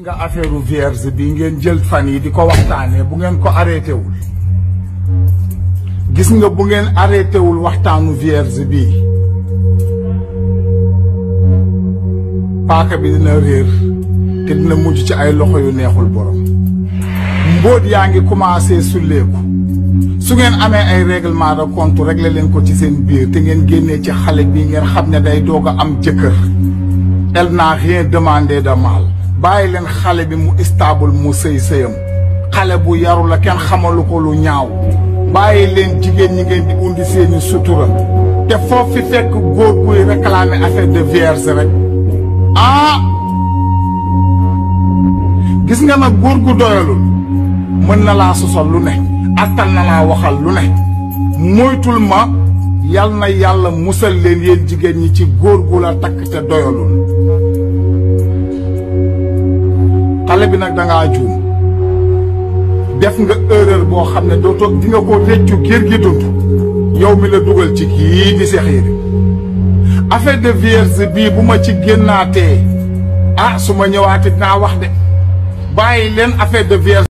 nga affaire vierge bi ngeen jël fan yi di ko waxtaanee bu ngeen ko arrêté wul gis nga bu ngeen arrêté wul waxtaanu vierge bi paaka bi dina réer te dina mujj ci ay loxo yu neexul borom mbóot yaa ngi commencé sulleeku su ngeen amee ay réglement de compte réglé leen ko ci seen biir te ngeen génnee ci xale bi ngeen xam ne day doog a am jëkkër elle n'a rien demandé de mal bàyyi leen xale bi mu istaabul mu sëy sëyam xale bu yarul a kenn xamalu ko lu ñaaw bàyyi leen jigéen ñi ngeen di undi seeni sutura te foofu fi fekk góor buy réclamer affaire de vierge rek ah gis nga na góor gu doyalul mën na laa sosal lu ne attal na laa waxal lu ne moytul ma yal na yàlla musal leen yéen jigéen ñi ci góor gu la takk te doyalul xale bi nag da ngaa def nga erreur boo xam ne doo toog di nga ko réccu giir gi dund yow mi la dugal ci kii di Cheikh Yérim affaire de vierge bii bu ma ci génnaatee ah su ma ñëwaatee dinaa wax de bàyyi leen affaire de vierge